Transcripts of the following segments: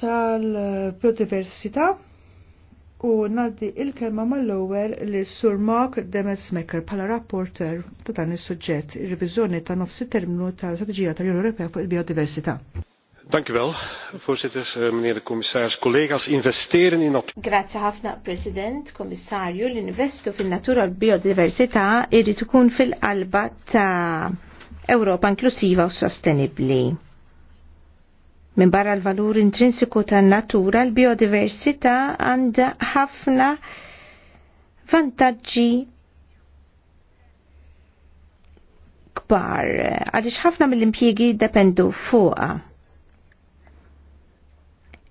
tal-biodiversità u naddi il-kelma mal lower li Sur Mark Demesmaker bħala rapporter ta' dan is-suġġett, ir revizjoni ta' nofs terminu tal strategija tal-Unjoni Ewropea fuq il-biodiversità. Dank u wel, voorzitter, eh, meneer de commissaris, collega's, investeren in natuur. Grazie ħafna, president, commissario, l-investu fil-natura al l-biodiversità irrid ikun fil-qalba ta' Ewropa inklusiva u sostenibli Min barra l-valur intrinsiku tan-natura, l-biodiversità għandha ħafna vantaġġi kbar għaliex ħafna mill-impjiegi dependu fuqha.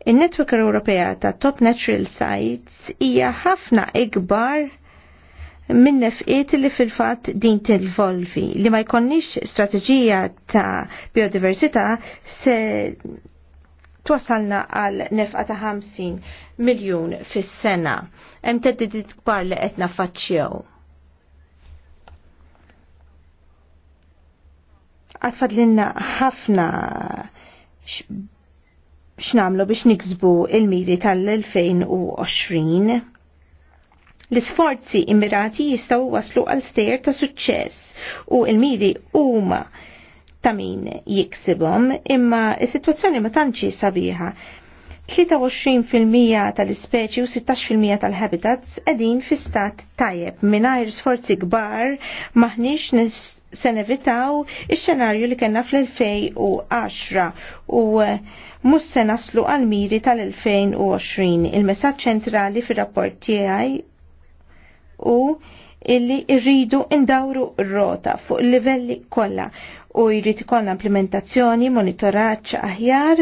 In-Netwerk Ewropea ta' Top Natural Sites hija ħafna ikbar minn nefqiet li fil-fatt din tilvolvi li ma jkonniex strateġija ta' biodiversità se twasalna għal nefqa ta' 50 miljun fis-sena. Hemm teddid kbar li qed naffaċċjew. Għatfadlinna ħafna x'namlu biex niksbu il-miri tal-2020. L-isforzi immirati jistgħu waslu għal stejjer ta' suċċess u l-miri huma ta' min jiksibhom, imma is-sitwazzjoni ma tantx sabiħa. 23% tal-ispeċi u 16% tal-habitats edin fi stat tajjeb mingħajr sforzi kbar maħniex se nevitaw ix-xenarju li kellna fl-2010 u eh, mhux se naslu għal miri tal-2020. il messat ċentrali fir-rapport tiegħi u illi irridu indawru r-rota fuq livelli kollha u jrid ikoll implementazzjoni, monitoraġġ aħjar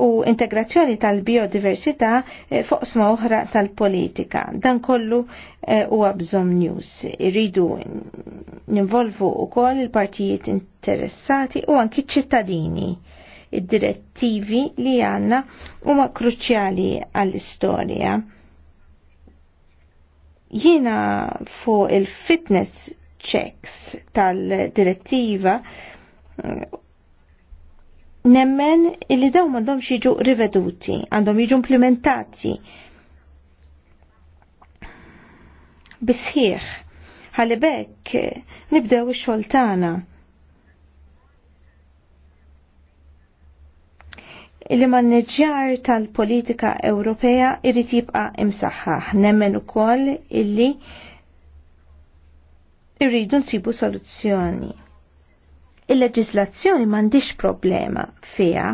u integrazzjoni tal-biodiversità eh, fuq sma oħra tal-politika. Dan kollu eh, huwa bżonn news. Irridu ninvolvu wkoll il-partijiet interessati u anki ċittadini. Id-direttivi li għanna huma kruċjali għall-istorja. Jiena fuq il-fitness checks tal-direttiva nemmen illi daw mandom jiġu riveduti, għandhom jiġu implementati Bisħiħ, Għalli bekk nibdew ix-xogħol tagħna. tal-politika Ewropea irrid jibqa' imsaħħaħ, nemmen ukoll illi irridu nsibu soluzzjoni. Il-leġislazzjoni m'għandix problema fiha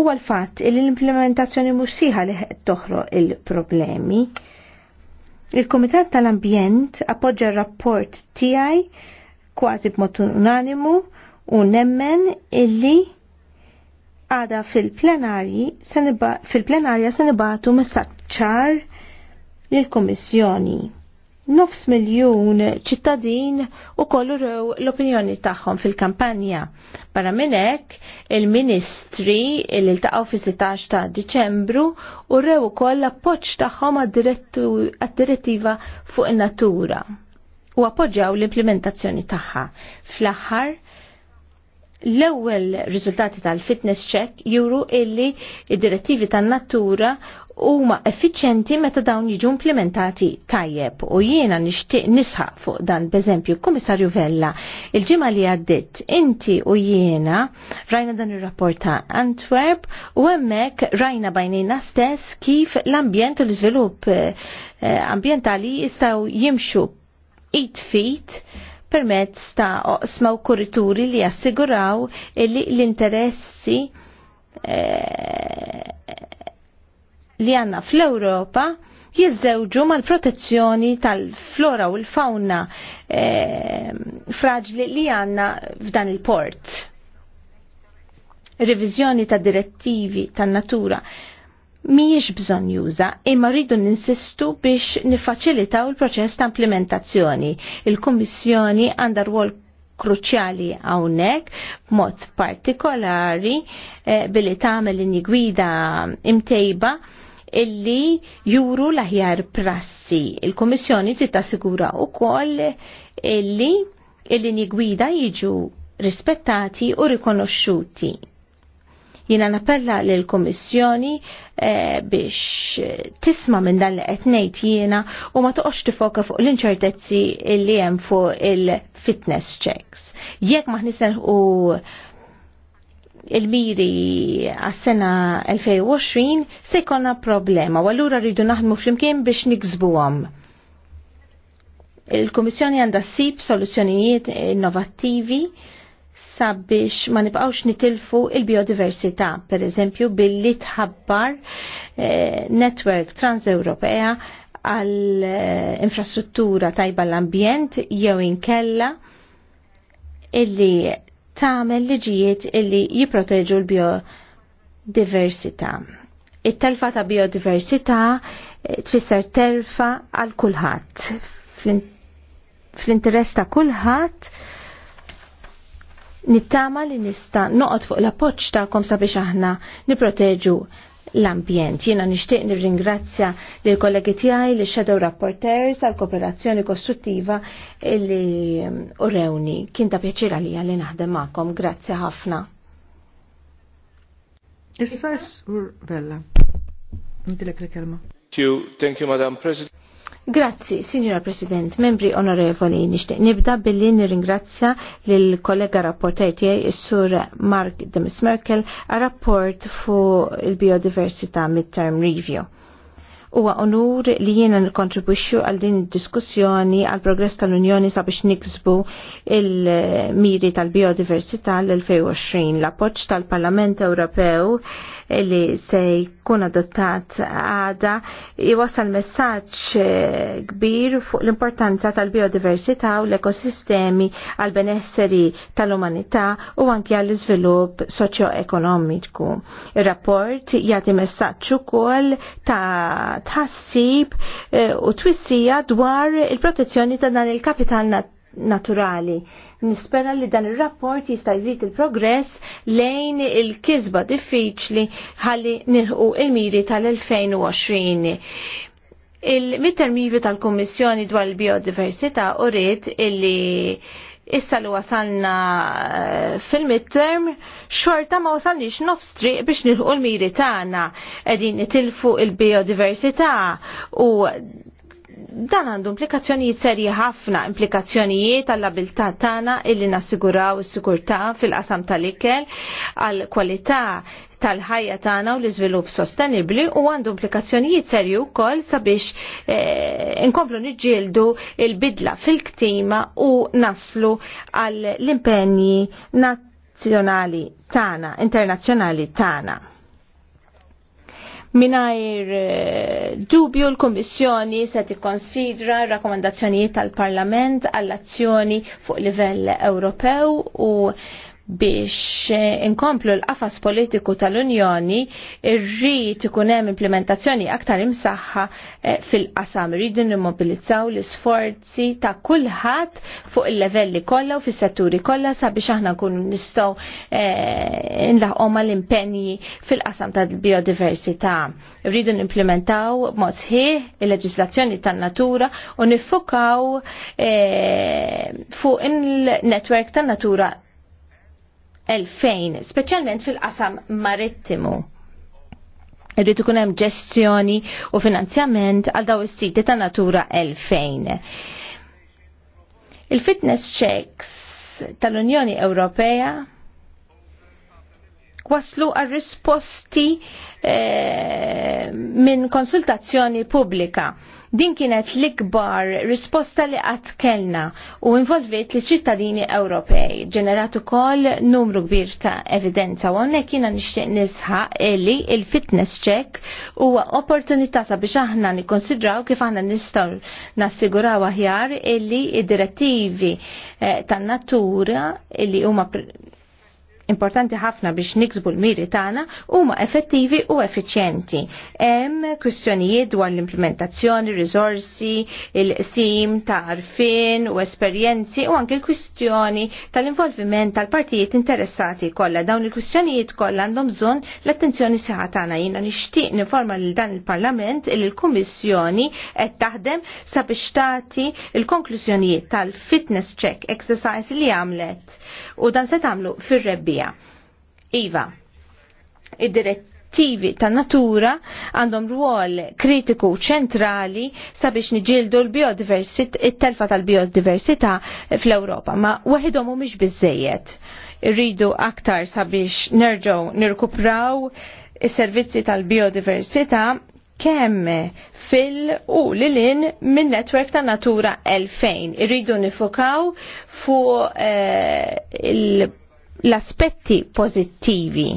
u għal-fatt li l-implementazzjoni mhux siħa li toħro il-problemi. Il-Kumitat tal-Ambjent appoġġa r-rapport tiegħi kważi b'mod unanimu u nemmen illi għada fil-plenarji fil-plenarja se nibatu messaċċar lill-Kummissjoni nofs miljun ċittadin u kollu rew l-opinjoni tagħhom fil-kampanja. Barra minn hekk, il-Ministri li iltaqaw fi 16 ta' Diċembru u rew ukoll appoġġ tagħhom għad-direttiva fuq in-natura u appoġġjaw l-implementazzjoni tagħha. Fl-aħħar, l-ewwel riżultati tal-fitness check juru illi id-direttivi tan-natura huma effiċenti meta dawn jiġu implementati tajjeb u jiena nixtieq nisħaq fuq dan b'eżempju Kummissarju Vella il-ġimgħa li għaddit inti u jiena rajna dan ir-rapport ta' Antwerp u hemmhekk rajna bajnina stess kif l-ambjent u l-iżvilupp eh, eh, ambjentali jistgħu jimxu it feet permezz ta' oqsma u kurituri li jassiguraw li l-interessi eh, li għanna fl-Europa jizzewġu mal-protezzjoni tal-flora u l-fauna e, fraġli li għanna f'dan il-port. Revizjoni ta' direttivi tan natura miex bżon juża imma rridu ninsistu biex nifaċilitaw il-proċess ta' implementazzjoni. Il-Kummissjoni għandha rwol kruċjali hawnhekk b'mod partikolari e, billi tagħmel linji gwida imtejba illi juru l-aħjar prassi. Il-Komissjoni trid tassigura wkoll illi il-linji gwida jiġu rispettati u rikonoxxuti. Jina napella l komissjoni eh, biex tisma minn dan li qed ngħid jiena u ma toqgħodx tifoka fuq l-inċertezzi li hemm fuq il-fitness checks. Jekk ma ħnisel u il-miri għas-sena 2020 se jkollna problema u allura rridu naħdmu flimkien biex niksbuhom. Il-Kummissjoni għandha ssib soluzzjonijiet innovattivi sabiex ma nibqawx nitilfu il-biodiversità, per eżempju billi tħabbar eh, network transeuropea għal eh, infrastruttura tajba l-ambjent jew inkella illi tagħmel liġijiet illi jipproteġu l-biodiversità. It-telfa ta' biodiversità eh, tfisser telfa għal kulħadd. Fl-interess ta' kulħadd nittama li nista noqgħod fuq l-appoġġ tagħkom sabiex aħna nipproteġu l-ambjent. Jiena nixtieq nirringrazzja lill kollegi tiegħi li shadow rapporters għal kooperazzjoni kostruttiva li mm, urewni. Kien ta' pjaċir għalija li naħdem magħkom. Grazzi ħafna. Issa s-sur Bella. Ndilek l-kelma. Thank you, Madam President. Grazzi, Signora President, membri onorevoli, nishtiq nibda billi nirringrazzja lil kollega rapporter tiegħi is-sur Mark Demis Merkel għal rapport fu il-biodiversità mid-term review. Huwa onur li jiena nikkontribwixxu għal din id-diskussjoni għal progress tal-Unjoni sabiex niksbu il-miri tal-biodiversità l-2020. L-appoġġ tal-Parlament Ewropew li se jkun adottat għada jwassal messaġġ eh, kbir fuq l-importanza tal-biodiversità u l-ekosistemi għal benesseri tal-umanità u anki għall iżvilupp soċjo-ekonomiku. Ir-rapport jagħti messaġġ ukoll ta' tħassib eh, u twissija dwar il-protezzjoni ta' dan il-kapital naturali Nispera li dan il-rapport jista' jżid il-progress lejn il-kisba diffiċli ħalli nilħu il-miri tal-2020. il mitter tal-Kommissjoni dwar il-biodiversità u rrid illi issa li wasalna eh, fil-midterm, xorta ma wasalniex nofstri biex nilħu l-miri tagħna qegħdin nitilfu il-biodiversità u dan għandu implikazzjonijiet serji ħafna, implikazzjonijiet għall-abilità tagħna illi nassiguraw is-sigurtà fil-qasam tal-ikel għall kwalità tal-ħajja tagħna u l-iżvilupp sostenibbli u għandu implikazzjonijiet serji wkoll sabiex eh, inkomplu niġġieldu il-bidla fil-ktima u naslu għall impenji nazzjonali tagħna, internazzjonali tagħna. Minajr eh, dubju l-Kommissjoni se tikkonsidra rakkomandazzjonijiet tal-Parlament għall-azzjoni fuq livell Ewropew u biex eh, inkomplu l-qafas politiku tal-Unjoni irrid ikun hemm implementazzjoni aktar imsaħħa eh, fil-qasam. Irridu nimmobilizzaw l-isforzi ta' kulħadd fuq il-levelli kollha u fis-setturi kollha sabiex aħna nkunu nistgħu eh, mal-impenji fil-qasam tal-biodiversità. Irridu nimplementaw b'mod sħiħ il-leġiżlazzjoni tan-natura u nifukaw eh, fuq il-netwerk tan-natura 2000, speċjalment fil-qasam marittimu. Rritu ikun hemm ġestjoni u finanzjament għal daw is-siti ta' natura 2000. Il-fitness checks tal-Unjoni Ewropea waslu għal risposti eh, minn konsultazzjoni pubblika. Din kienet l-ikbar risposta li qatt kellna u involvit li ċittadini Ewropej. Ġenerat ukoll numru kbir ta' evidenza u għonne kiena nixtieq nisħa illi il-fitness check huwa opportunità sabiex aħna nikkonsidraw kif aħna nistgħu nassiguraw aħjar illi id-direttivi eh, tan-natura illi huma importanti ħafna biex niksbu l-miri tagħna huma effettivi u effiċjenti. Hemm kwistjonijiet dwar l-implementazzjoni, risorsi, il qsim ta' arfin u esperjenzi u anke l-kwistjoni tal-involviment tal-partijiet interessati kollha. Dawn il-kwistjonijiet kollha għandhom bżonn l-attenzjoni sieħa tagħna. Jiena nixtieq niforma lil dan il-Parlament il l-Kummissjoni qed taħdem sabiex tagħti l konklużjonijiet tal-fitness check exercise li għamlet u dan se tagħmlu fir-rebbi għalija. Iva, id-direttivi ta' natura għandhom ruol kritiku ċentrali sabiex niġildu l-telfa tal-biodiversità fl-Europa, ma waħidhom mhumiex biżejjed. Rridu aktar sabiex nerġgħu nirkupraw is-servizzi tal-biodiversità kemm fil u lilin minn netwerk ta' Natura 2000. Irridu nifokaw fuq eh, il- l-aspetti pozittivi.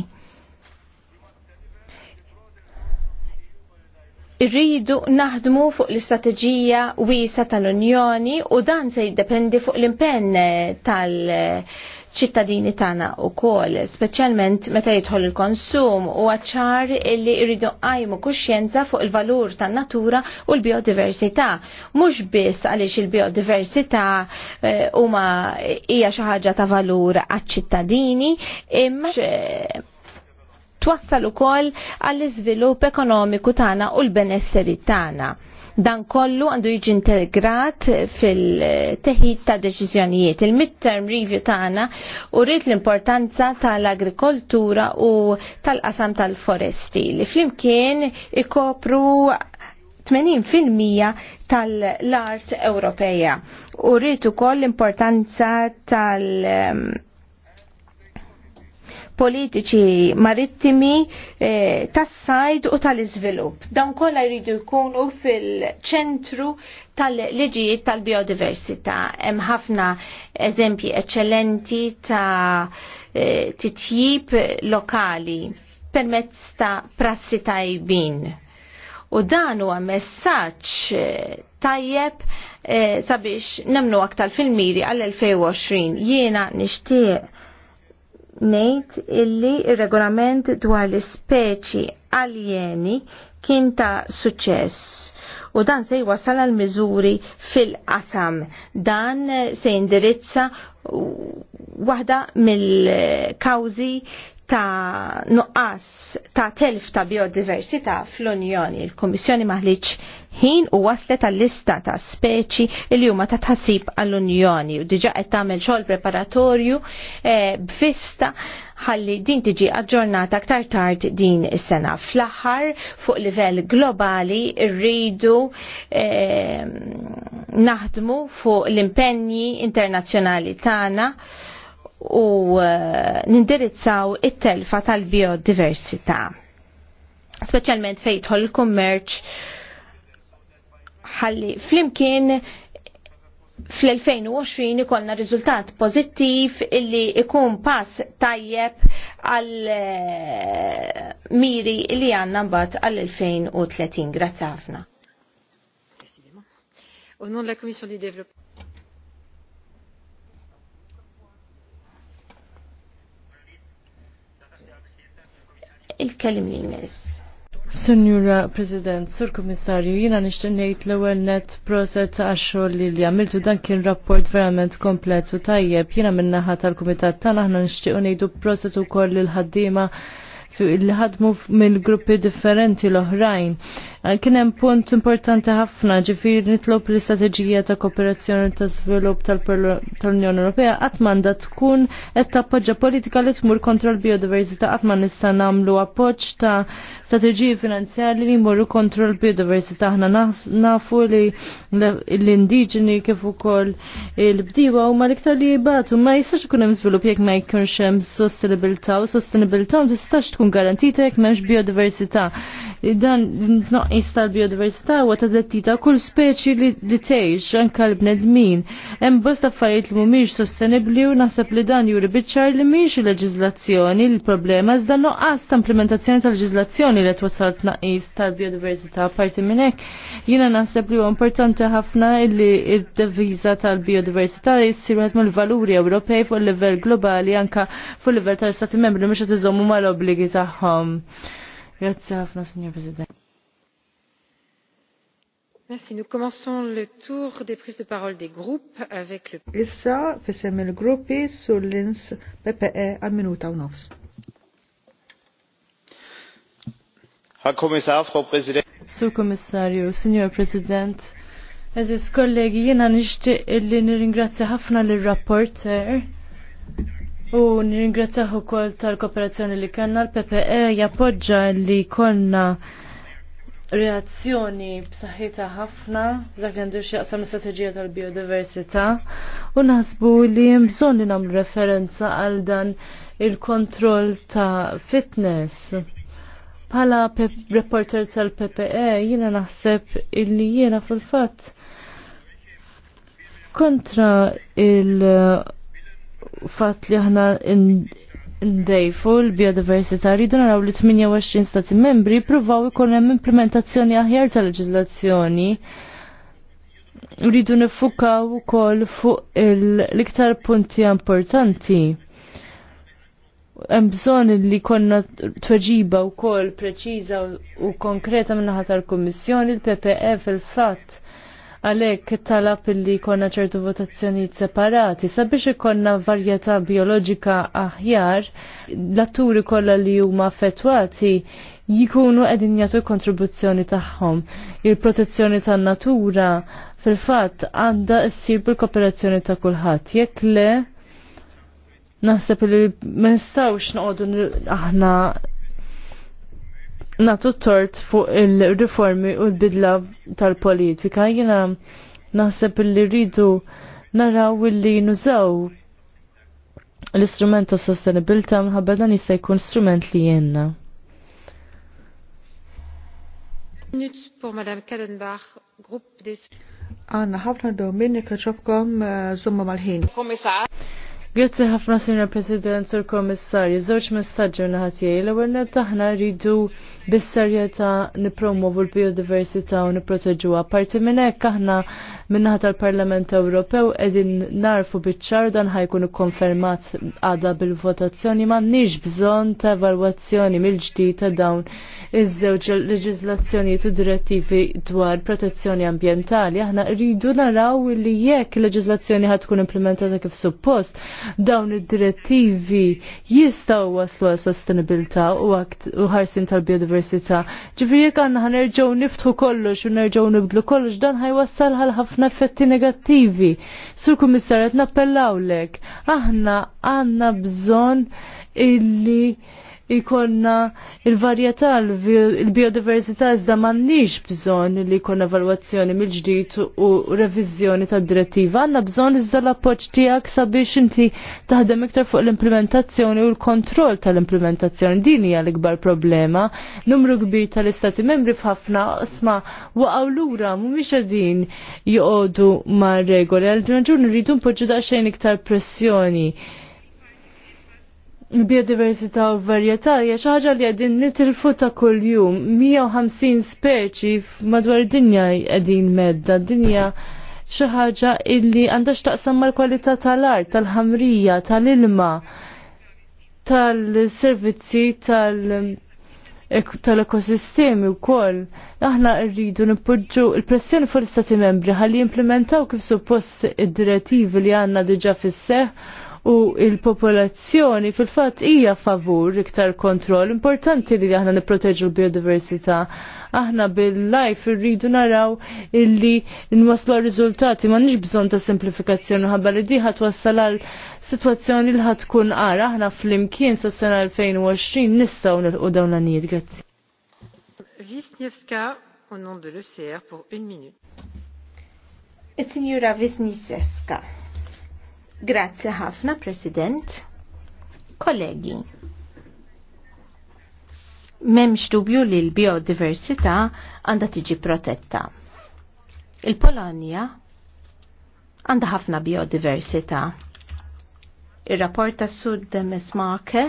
Irridu naħdmu fuq l-istrateġija wiesa tal-Unjoni u dan se jiddependi fuq l-impenn tal- ċittadini tagħna wkoll, speċjalment meta jidħol il-konsum u għacċar illi irridu għajmu kuxjenza fuq il-valur tan-natura u l-biodiversità. Mhux biss għaliex il-biodiversità eh, u hija xi ħaġa ta' valur għacċittadini ċittadini imma twassal ukoll għall-iżvilupp ekonomiku tagħna u l-benesseri tagħna. Dan kollu għandu jiġi integrat fil-teħid ta' deċiżjonijiet. Il-midterm review tagħna uriet l-importanza tal-agrikoltura u tal-qasam tal-foresti li flimkien ikopru 80% tal-art Ewropeja. Uriet ukoll l-importanza tal- politiċi marittimi eh, tas-sajd u tal-iżvilupp. Dan kollha jridu jkunu fil-ċentru tal-liġijiet tal-biodiversità. Hemm ħafna eżempji eċċellenti ta' eh, titjib lokali permezz ta' prassi tajbin. U dan huwa messaġġ eh, tajjeb eh, sabiex nemnu aktar fil-miri għall-2020. Jiena nixtieq ngħid illi regolament dwar l-ispeċi aljeni kien ta' suċċess u dan se jwasal għal miżuri fil-qasam. Dan se jindirizza waħda mill-kawzi ta' nuqqas ta' telf ta' biodiversità fl-Unjoni. Il-Kommissjoni maħliċ ħin u waslet għall-lista ta' speċi li huma ta' tħassib għall-Unjoni u diġa qed tagħmel xogħol preparatorju eh, b'vista ħalli din tiġi aġġornata aktar tard din is-sena. Fl-aħħar fuq livell globali rridu eh, naħdmu fuq l-impenji internazzjonali tagħna u eh, nindirizzaw it-telfa tal-biodiversità. Speċjalment jidħol il-kummerċ ħalli flimkien fl-2020 ikolna riżultat pozittiv illi ikun pass tajjeb għal eh, miri li għanna mbagħad għall-2030. Grazzi ħafna. Au nom de la Commission du Développement. il-kelim li jmiss. Senjura President, Sur Komissarju, jina nishtinnejt l-ewel net proset għaxxol li li għamiltu dan kien rapport verament komplet u tajjeb. Jina minnaħat tal-Komitat tana aħna nishtiqu nejdu proset u koll l-ħaddima li ħadmu mill-gruppi differenti l-oħrajn Eh, kien hemm punt importanti ħafna ġifieri nitlob l-istrateġija ta' kooperazzjoni ta' żvilupp tal-Unjoni Ewropea qatt m'għandha tkun qed tappoġġa politika li tmur kontra l-biodiversità qatt ma nista' nagħmlu appoġġ ta' strateġiji finanzjarji li jmorru kontra l-biodiversità aħna nafu li l-indiġeni kif ukoll il-bdiewa huma l-iktar li jibatu ma jistax ikun hemm żvilupp jekk ma jkunx hemm sostenibilità u sostenibilità ma tistax tkun garantita jekk m'hemmx biodiversità li dan n tnoqqis tal-biodiversità huwa ta' dettita kull speċi li tgħix anke l-bnedmin. Hemm bosta affarijiet li mhumiex sostenibbli u naħseb li dan juri biċċar li mhix il leġizlazzjoni l-problema iżda noqas ta' implementazzjoni tal leġizlazzjoni li twassal tnaqqis tal-biodiversità parti minn hekk. Jiena naħseb li huwa importanti ħafna li il-deviza tal-biodiversità jissir mill-valuri Ewropej fuq il-livell globali anke fuq il-livell tal-Stati membri mhux qed iżommu mal-obbligi tagħhom. Grazie ħafna, Signor President. Merci. Nous commençons le tour des prises de parole des groupes avec le... Issa, fissem il-gruppi sull PPE għal minuta u nofs. Herr Kommissar, Frau Präsident. Sur Kommissarju, Signor President, Eżis kollegi, jena nishtiq illi nirringrazzja ħafna l-rapporter U nirringrazzaħu kol tal-kooperazzjoni li kanna l-PPE jappoġġa li konna reazzjoni b'saħħitha ħafna dak li għandu x'jaqsam l-istrateġija tal-biodiversità u naħsbu li hemm bżonn li nagħmlu referenza għal dan il-kontroll ta' fitness. Bħala reporter tal-PPE jiena naħseb illi jiena fil-fatt kontra il- fatt li aħna ndejfu l-biodiversità rridu naraw li 28 stati membri provaw ikun hemm implementazzjoni aħjar tal-leġiżlazzjoni. Rridu nifukaw ukoll fuq l-iktar punti importanti hemm bżonn li konna tweġiba wkoll preċiża u konkreta minn naħa tal-Kummissjoni l ppf fil-fatt għalhekk talab illi jkollna ċertu votazzjoni separati sabiex ikonna varjetà bioloġika aħjar l-atturi kollha li huma affettwati jikunu qegħdin jagħtu kontribuzzjoni tagħhom. Il-protezzjoni tan-natura fil-fatt għandha ssir bil-kooperazzjoni ta' kulħadd. Jekk le naħseb li ma nistgħux noqogħdu aħna natu tort fuq il-riformi u l-bidla tal-politika. Jena naħseb li rridu naraw li nużaw l-istrument ta' sostenibilta mħabba dan jista' jkun strument li jenna. Għanna ħafna dominika ċobkom eh, zumma mal-ħin. Grazzi ħafna Sinjor President Sur Kommissarju, żewġ messaġġi naħat jgħid. L-ewwel net aħna rridu bis-serjetà nippromovu l-biodiversità u nipproteġuha. Parti minn hekk aħna minnaħa tal-Parlament Ewropew qegħdin narfu biċ-ċar dan ħajkun ikkonfermat għada bil-votazzjoni m'għandniex bżonn ta' evalwazzjoni mill-ġdid ta' dawn iż-żewġ leġiżlazzjonijiet u direttivi dwar protezzjoni ambjentali. Aħna rridu naraw li jekk leġiżlazzjoni ħad tkun implementata kif suppost dawn id-direttivi jistaw waslu għal sostenibilità u ħarsin tal-biodiversità. Ġifri jek għanna ħanerġaw niftħu kollox u nerġaw nibdlu kollox dan ħajwassal għal ħafna effetti negattivi. Sur kummissarju nappellawlek, aħna għanna bżon illi ikonna il-varjetà il-biodiversità iżda m'għandniex bżonn li jkollna evalwazzjoni mill-ġdid u reviżjoni tad-direttiva. Għandna bżonn iżda l-appoġġ tiegħek sabiex inti taħdem iktar fuq l-implementazzjoni u l-kontroll tal-implementazzjoni. Din hija l-ikbar problema. Numru kbir tal-istati membri f'ħafna isma' waqgħu lura mhumiex qegħdin joqogħdu ma' regoli għal ġunġun rridu npoġġu daqsxejn iktar pressjoni biodiversità u varjetà hija xi ħaġa li qegħdin nitilfu ta' kuljum. 150 speċi madwar id-dinja qegħdin medda, dinja xi ħaġa illi għandha x'taqsam mal-kwalità tal-art, tal-ħamrija, tal-ilma, tal-servizzi tal tal-ekosistemi u koll, aħna rridu nipoġġu il-pressjoni fuq l-Stati membri ħalli implementaw kif suppost id-direttivi li għanna diġa fis u il-popolazzjoni fil fat hija favur iktar kontroll. Importanti li aħna nipproteġu l-biodiversità. Aħna bil-life rridu naraw illi nwaslu riżultati ma nix bżon ta' semplifikazzjoni ħabba li diħa wassal għal situazzjoni li tkun għara aħna fl-imkien sa' sena 2020 nistgħu nilqu dawn l nijiet Grazzi. Wisniewska u nom de l'ECR pour un minute. Signora Wisniewska. Grazzi ħafna, President. Kollegi, memx dubju li l-biodiversità għandha tiġi protetta. Il-Polonja għandha ħafna biodiversità. Ir-rapport tas Sud Demes Marke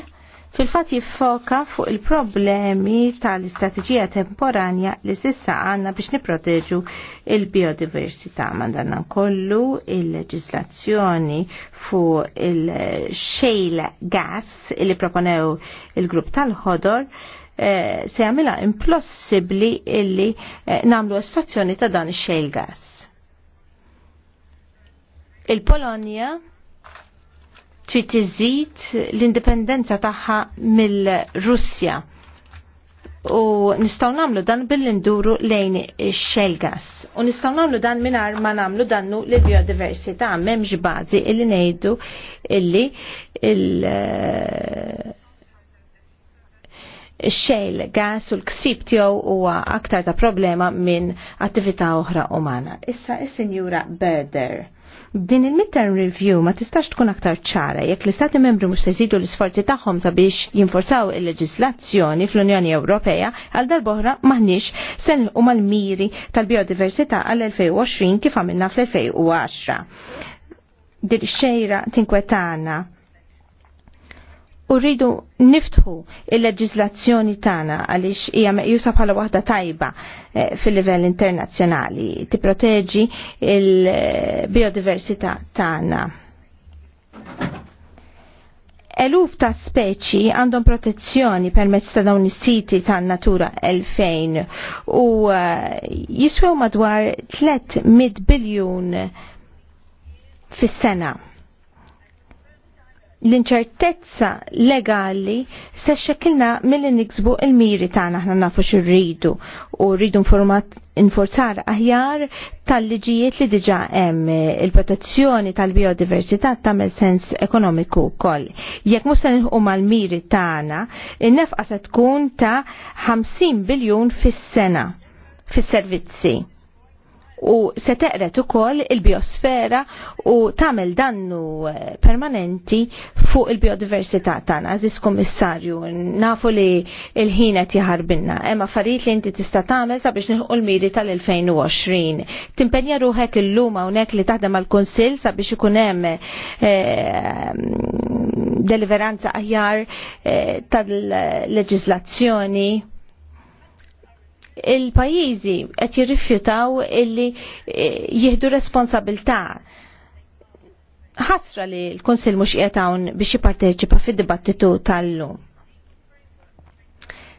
fil-fat jiffoka fuq il-problemi tal-istrateġija temporanja li sissa għanna biex niproteġu il-biodiversità mandanna kollu il-leġislazzjoni fuq il-xejl gas li proponew il-grupp tal-ħodor eh, se għamila impossibli illi eh, namlu estrazzjoni ta' dan il-xejl gas. Il-Polonja trid iżid l-indipendenza tagħha mill-Russja. U nistgħu nagħmlu dan billi nduru lejn ix-xejl gas. U nistgħu nagħmlu dan mingħajr ma nagħmlu dannu lil biodiversità m'hemmx bażi illi ngħidu illi il- eh, xejl gas u l-ksib tiegħu huwa aktar ta' problema minn attività oħra umana. Issa is-Sinjura Berder. Din il-midterm review ma tistax tkun aktar ċara jekk l-Istati membri mhux se l-isforzi tagħhom sabiex jinforzaw il-leġislazzjoni fl-Unjoni Ewropea għal darb'oħra maħniex se u mal-miri tal-biodiversità għal-2020 kif għamilna fl-2010. Dil xejra tinkwetana u rridu niftħu il-leġizlazzjoni tagħna għaliex hija meqjusa bħala waħda tajba eh, fil-livell internazzjonali tipproteġi il-biodiversità tagħna. Eluf ta' speċi għandhom protezzjoni permezz ta' dawn is-siti tan-natura 2000 u eh, jiswew madwar 300 biljun fis-sena l-inċertezza legali se xekilna mill niksbu il-miri tagħna aħna nafu xirridu u rridu inforzar aħjar tal-liġijiet li diġa hemm il-protezzjoni tal-biodiversità tagħmel sens ekonomiku wkoll. Jekk mhux se nilħu mal-miri tagħna, in-nefqa se tkun ta' 50 biljun fis-sena fis-servizzi u se teqret ukoll il-biosfera u tagħmel dannu eh, permanenti fuq il-biodiversità tagħna. Aziz Kummissarju, nafu li il-ħin qed jaħarbinna. Hemm affarijiet li inti tista' tagħmel sabiex nieħu l-miri tal-2020. Timpenja ruħek illum hawnhekk li taħdem għall-Kunsill sabiex ikun hemm eh, deliveranza aħjar eh, tal-leġislazzjoni il-pajjiżi qed jirrifjutaw illi eh, jieħdu responsabilità. Ħasra li l-Kunsill mhux qiegħed hawn biex jipparteċipa fid-dibattitu tal-lum.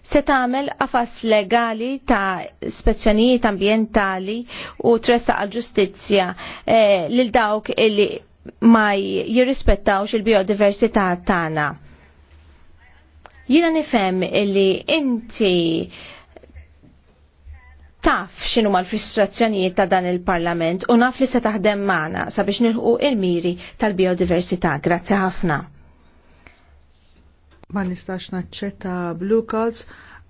Se tagħmel qafas legali ta' spezzjonijiet ambjentali u tressaq għal-ġustizzja eh, lil dawk illi ma jirrispettawx il-biodiversità tagħna. Jina nifhem illi inti taf xinu l frustrazzjonijiet ta' dan il-parlament u naf li se taħdem maħna sabiex nilħu il-miri tal-biodiversità. Grazzi ħafna. Ma nistax naċċetta blue calls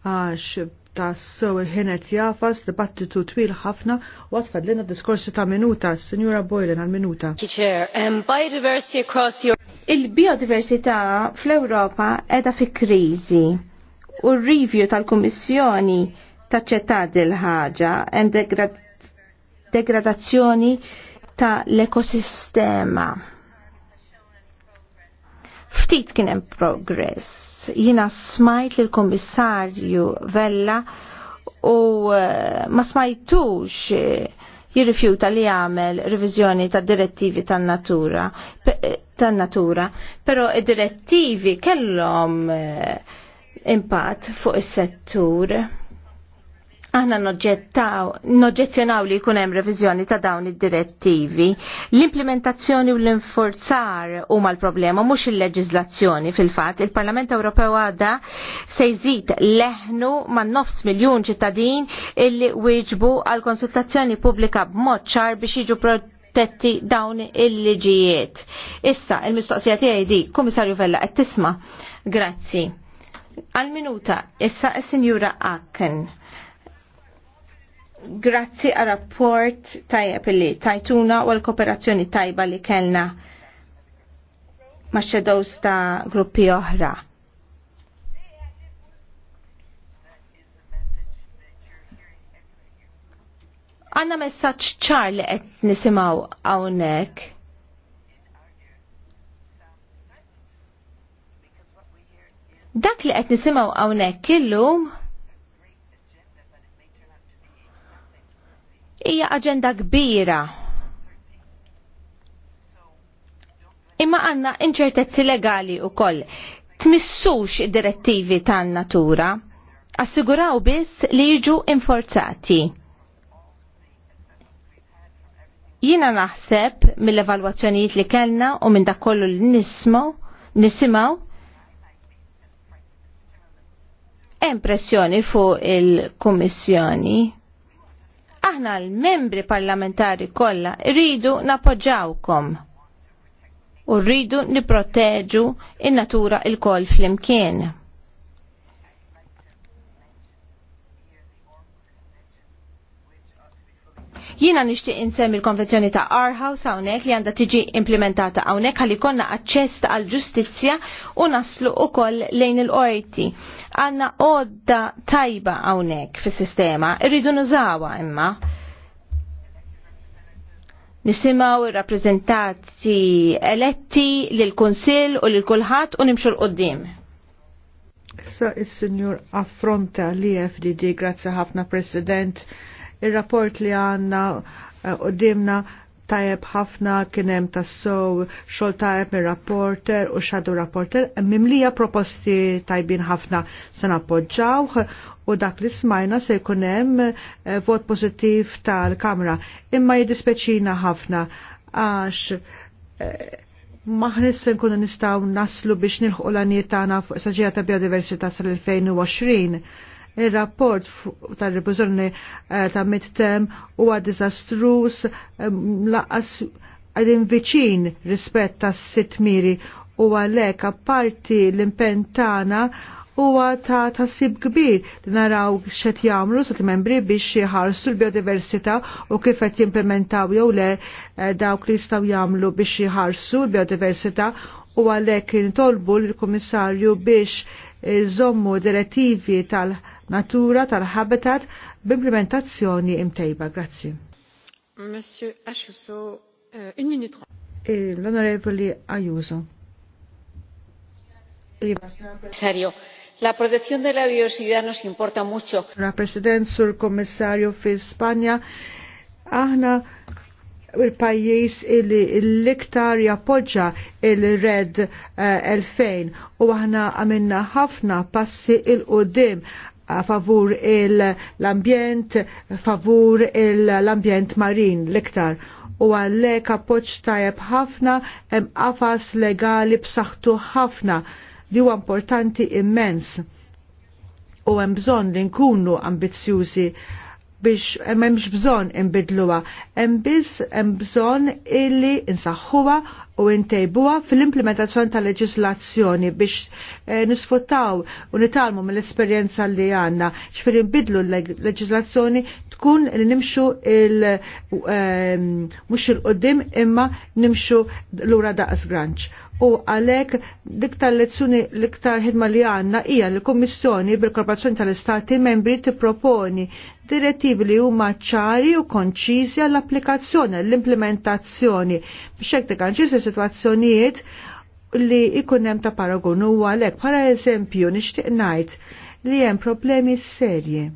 għax ta' sew il-ħinet jafas dibattitu twil ħafna u għasfad l diskorsi ta' minuta, Signora Boylan għal minuta. Um, Il-biodiversità fl-Europa edha fi krizi u r-review tal-Kommissjoni taċċetta dil-ħaġa, hemm degradazzjoni ta' l-ekosistema. Ftit kien hemm progress. Jina smajt lil kummissarju Vella u eh, ma smajtux eh, jirrifjuta li għamel riviżjoni ta' direttivi tan natura eh, tan natura però id-direttivi kellhom impatt fuq is-settur Aħna noġġezzjonaw li jkun hemm reviżjoni ta' dawn id-direttivi. L-implementazzjoni u l-inforzar huma l-problema mhux il-leġiżlazzjoni fil-fatt. Il-Parlament Ewropew għadha se jżid leħnu ma' nofs miljun ċittadin illi wieġbu għal konsultazzjoni pubblika b'mod ċar biex jiġu protetti dawn il-liġijiet. Issa, il-mistoqsija tiegħi di, Kummissarju Vella, qed tisma'. Grazzi. Għal-minuta, issa s-Sinjura Akken. Grazzi għal rapport tajjeb li tajtuna u l-kooperazzjoni tajba li kellna ma' shadows ta' gruppi oħra. Għanna messaċ ċar li qed nisimgħu hawnhekk. Dak li qed nisimgħu hawnhekk illum hija aġenda kbira. Imma għanna inċertezzi legali u koll. Tmissux id-direttivi tan natura, assiguraw biss li jiġu inforzati. Jina naħseb mill-evalwazzjonijiet li kellna u minn dak kollu li nismaw, nisimaw, impressjoni fuq il-Kummissjoni aħna l-membri parlamentari kollha rridu napoġawkom u rridu niproteġu in-natura il il-koll fl-imkien. Jina nishtiq insemmi l-konvenzjoni ta' Arhaus hawnhekk li għandha tiġi implementata hawnhekk ħalli konna aċċess għal ġustizzja u naslu ukoll lejn il-qorti għanna odda tajba għawnek fis sistema irridu nużawa imma. Nisimaw il-rappresentanti eletti l-Konsil u l-Kulħat u nimxu l-qoddim. Issa il-Senjur affronta li FDD, grazzi ħafna President, il-rapport li għanna qoddimna eh, uh, tajab ħafna kienem sow xol tajab mir rapporter u xadu rapporter mimlija proposti tajbin ħafna se appoġġaw u dak li smajna se jkunem eh, vot pozittiv tal-kamra imma jidispeċina ħafna għax eh, maħnis se nkunu nistaw naslu biex nilħu l anietana tagħna fuq ta' biodiversità sal-2020 Il-rapport tal-revizjoni eh, ta' u huwa diżastrus eh, laqas għadin viċin rispet ta' sitmiri u għalek apparti l-impentana huwa ta' tassib kbir li naraw xet jagħmlu sat membri biex jħarsu l-biodiversità u kif qed jimplementaw jew le eh, dawk li jistgħu jagħmlu biex jħarsu l-biodiversità u għalek jintolbu l-Kummissarju biex jżommu direttivi tal- natura tal-habitat b'implementazzjoni imtejba. Grazzi. Monsieur euh, e Ayuso, Ayuso. Serio. La protección de la biodiversidad nos importa mucho. La President sur comisario fi Spanja, aħna il-pajjiż li l-iktar jappoġġa il-Red 2000 eh, u aħna għamilna ħafna passi il-qudiem favur l-ambjent, favur l-ambjent marin l-iktar u għallek appoċ tajab ħafna hemm afas legali b'saħħtu ħafna li huwa importanti immens u hemm bżonn li nkunu ambizzjużi biex memx bżonn imbidluwa, hemm biss hemm bżonn illi insaħħuha u ntejbuha fil-implementazzjoni tal-leġislazzjoni biex eh, nisfutaw u nitalmu mill-esperjenza li għandna ċfir imbidlu l-leġislazzjoni tkun li nimxu il mux ehm, il-qoddim imma nimxu l-ura daqs granċ. U għalek tal lezzjoni l-iktar ħidma li għanna hija l-Kommissjoni bil-Korporazzjoni tal-Istati membri tipproponi direttivi li huma ċari u konċiżi għall-applikazzjoni, l-implementazzjoni biex hekk tikanċiżi situazzjonijiet li ikun hemm ta' paragun u għalhekk Para eżempju nixtieq ngħid li hemm problemi serji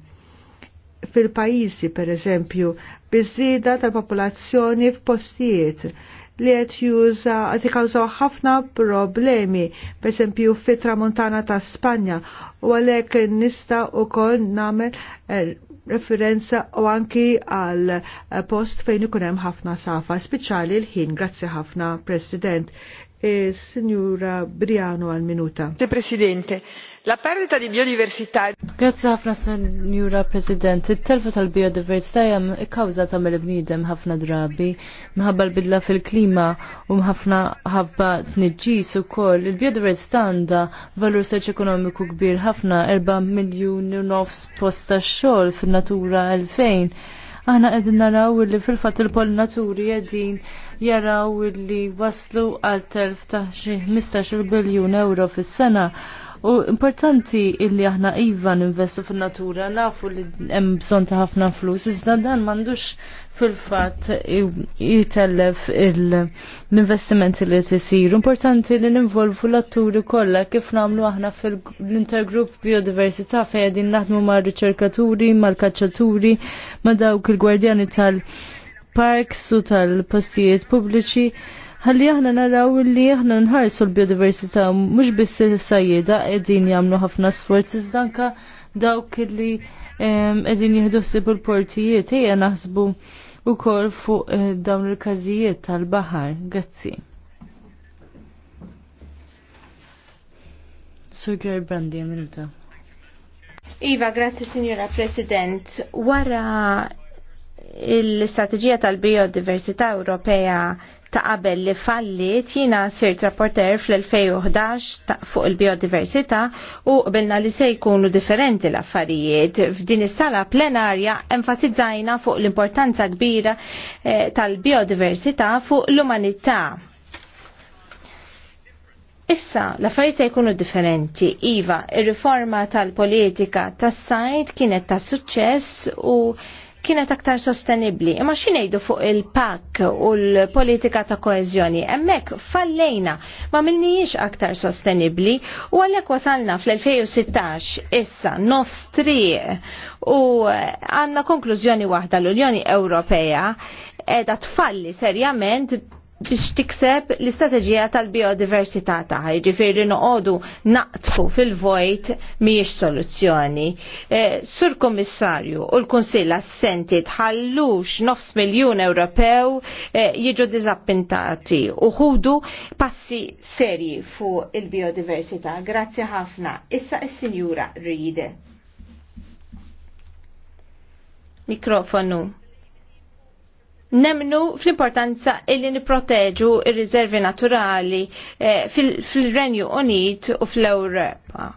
fil-pajjiżi pereżempju eżempju, bizzida tal-popolazzjoni f'postijiet li qed juża qed kawżaw ħafna problemi, pereżempju fit Tramontana ta' Spanja, u għalhekk nista' ukoll nagħmel eh, referenza u anki għal eh, post fejn ikun hemm ħafna safa, speċjali l-ħin, grazzi ħafna President. E signora Briano al minuta. Presidente, la perdita di biodiversità. Grazie ħafna signora President. Il-telfa tal-biodiversità jam ikkawżata mill-bniedem ħafna drabi, mħabba l-bidla fil-klima u mħafna ħabba tniġġis ukoll. Il-biodiversità għandha valur soċ-ekonomiku kbir ħafna 4 miljun u nofs posta xogħol fin-natura 2000. Aħna qegħdin naraw li fil-fatt il-pollinaturi qegħdin jaraw li waslu għal telf ta' xi 15 biljun euro fis-sena. U importanti illi aħna iva ninvestu fin-natura, nafu li hemm bżonn ta' ħafna flus, iżda dan m'għandux fil-fatt jitellef l-investimenti li tisiru. Importanti li ninvolvu l-atturi kollha kif nagħmlu aħna fil-intergrupp biodiversità fejn qegħdin naħdmu mar-riċerkaturi, mal-kaċċaturi, ma' dawk il-gwardjani tal- parks u tal-postijiet pubbliċi ħalli aħna naraw li aħna nħarsu l-biodiversità mhux biss il-sajjida qegħdin jagħmlu ħafna sforzi iżda anke dawk li qegħdin jieħdu l portijiet ejja naħsbu wkoll fuq eh, dawn il-każijiet tal-baħar. Grazzi. Sir Brandi, minuta. Iva, grazie signora President. Wara l-istrateġija tal-biodiversità Ewropea ta' qabel li fallit jina sirt rapporter fl-2011 fuq il-biodiversità u qbilna li se jkunu differenti l-affarijiet. F'din is-sala plenarja enfasizzajna fuq l-importanza kbira eh, tal-biodiversità fuq l-umanità. Issa, l-affarijiet se jkunu differenti. Iva, ir-riforma tal-politika tas-sajt kienet ta' suċċess u kienet aktar sostenibli. Imma xinejdu fuq il-pak u l-politika ta' koezjoni. Emmek fallejna ma minnijiex aktar sostenibli u għallek wasalna fl-2016 issa nofstri u għanna konklużjoni waħda l-Unjoni Ewropea edha tfalli serjament biex tikseb l-istrateġija tal-biodiversità taħħa, ġifiri noqogħdu naqtfu fil-vojt miex soluzzjoni. E, sur Kommissarju u l konsil assenti tħallux nofs miljun Ewropew e, jiġu dizappintati u ħudu passi serji fuq il-biodiversità. Grazzi ħafna. Issa il sinjura Ride. Mikrofonu. Nemnu fl-importanza illi niproteġu il riservi naturali eh, fil-Renju Unit u fl-Ewropa.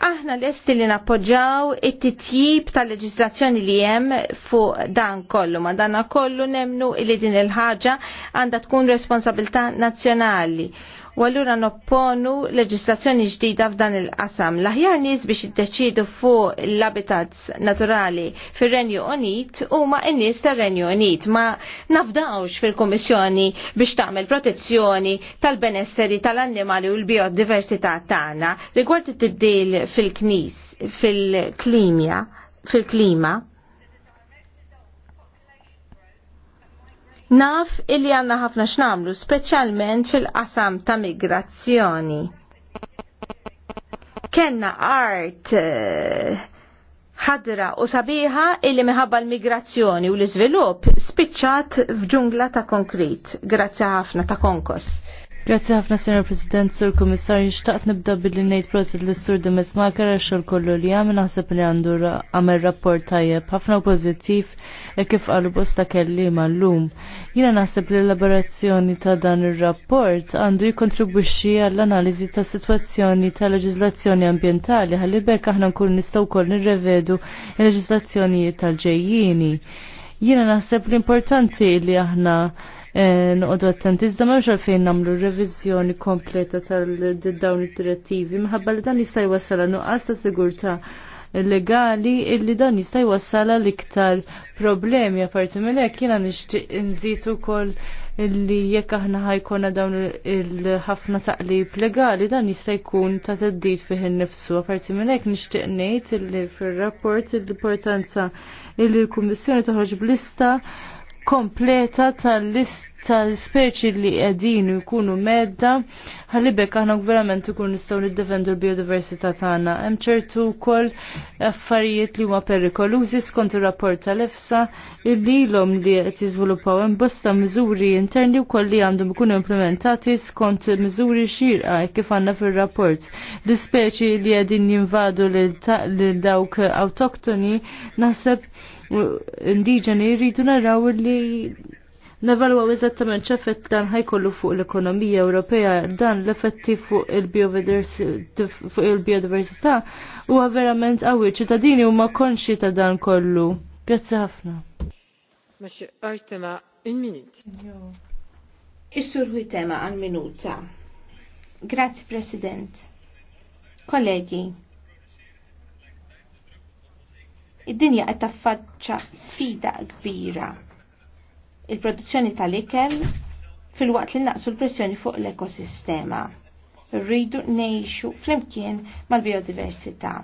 Aħna lesti li nappoġġaw it-titjib tal leġislazzjoni li hemm fuq dan kollu, ma dan kollu nemnu illi din il-ħaġa għandha tkun responsabilità nazzjonali u allura nopponu leġislazzjoni ġdida f'dan il-qasam. L-aħjar nies biex iddeċidu fuq l-habitats naturali fir-Renju Unit huma n-nies tar-Renju Unit ma nafdawx fil-Kummissjoni biex tagħmel protezzjoni tal-benesseri tal-annimali u l-biodiversità tagħna rigward it-tibdil fil-knis fil-klimja fil-klima. Naf illi għanna ħafna xnamlu, specialment fil-qasam ta' migrazzjoni. Kenna art eh, ħadra u sabiħa illi meħabba l-migrazzjoni u l-izvilup spiċċat f'ġungla ta' konkret. Grazzi ħafna ta' konkos. Grazzi ħafna Sr. President, Sur Komissarju, xtaqt nibda billi ngħid prosit lis sur Demes Makara għax kollu li għamil naħseb li għandu għamel rapport tajjeb ħafna pożittiv e kif qalu bosta kellima llum. Jiena naħseb li l-elaborazzjoni ta' dan ir-rapport għandu jikkontribwixxi għall-analiżi ta' sitwazzjoni ta' leġiżlazzjoni ambjentali ħalli bekk aħna nkun nistgħu wkoll nirrevedu l-leġiżlazzjonijiet tal ġejjini Jiena naħseb l-importanti li aħna Eh, noqogħdu għattenti, iżda nxal għalfejn nagħmlu reviżjoni kompleta tal-dawn id-direttivi minħabba li dan jista' wasala nuqqas ta' sigurtà legali illi dan jista' wasala l-iktar problemi apparti minn hekk jiena nixtieq inżid ukoll illi jekk aħna ħajkonna dawn il-ħafna taqlib legali dan jista' jkun ta' teddid fih innifsu. Aparti minn hekk nixtieq ngħid illi fir-rapport l-importanza illi l-Kummissjoni toħroġ blista kompleta tal-lista speċi li qegħdin jkunu medda ħalli bekk aħna verament ikun nistgħu niddefendu l-biodiversità tagħna. Hemm ċertu wkoll affarijiet li huma perikolużi skont ir-rapport tal-EFSA li li qed jiżviluppaw hemm bosta miżuri interni wkoll li għandhom ikunu implementati skont miżuri xierqa kif għandna fir-rapport. L-ispeċi li qegħdin jinvadu lil dawk autoktoni naħseb indiġeni rridu naraw li Nevalwa eżattament x'effett dan ħajkollu fuq l-ekonomija Ewropea dan l-effetti fuq il-biodiversità huwa verament qawwi ċittadini huma konxi ta' dan kollu. Grazzi ħafna. Monsieur Ojtema, un minut. Is-sur għal minuta. Grazzi President. Kollegi, id-dinja qed taffaċċa sfida kbira. Il-produzzjoni tal-ikel fil-waqt li naqsu l-pressjoni fuq l-ekosistema. Rridu nejxu flimkien mal-biodiversità.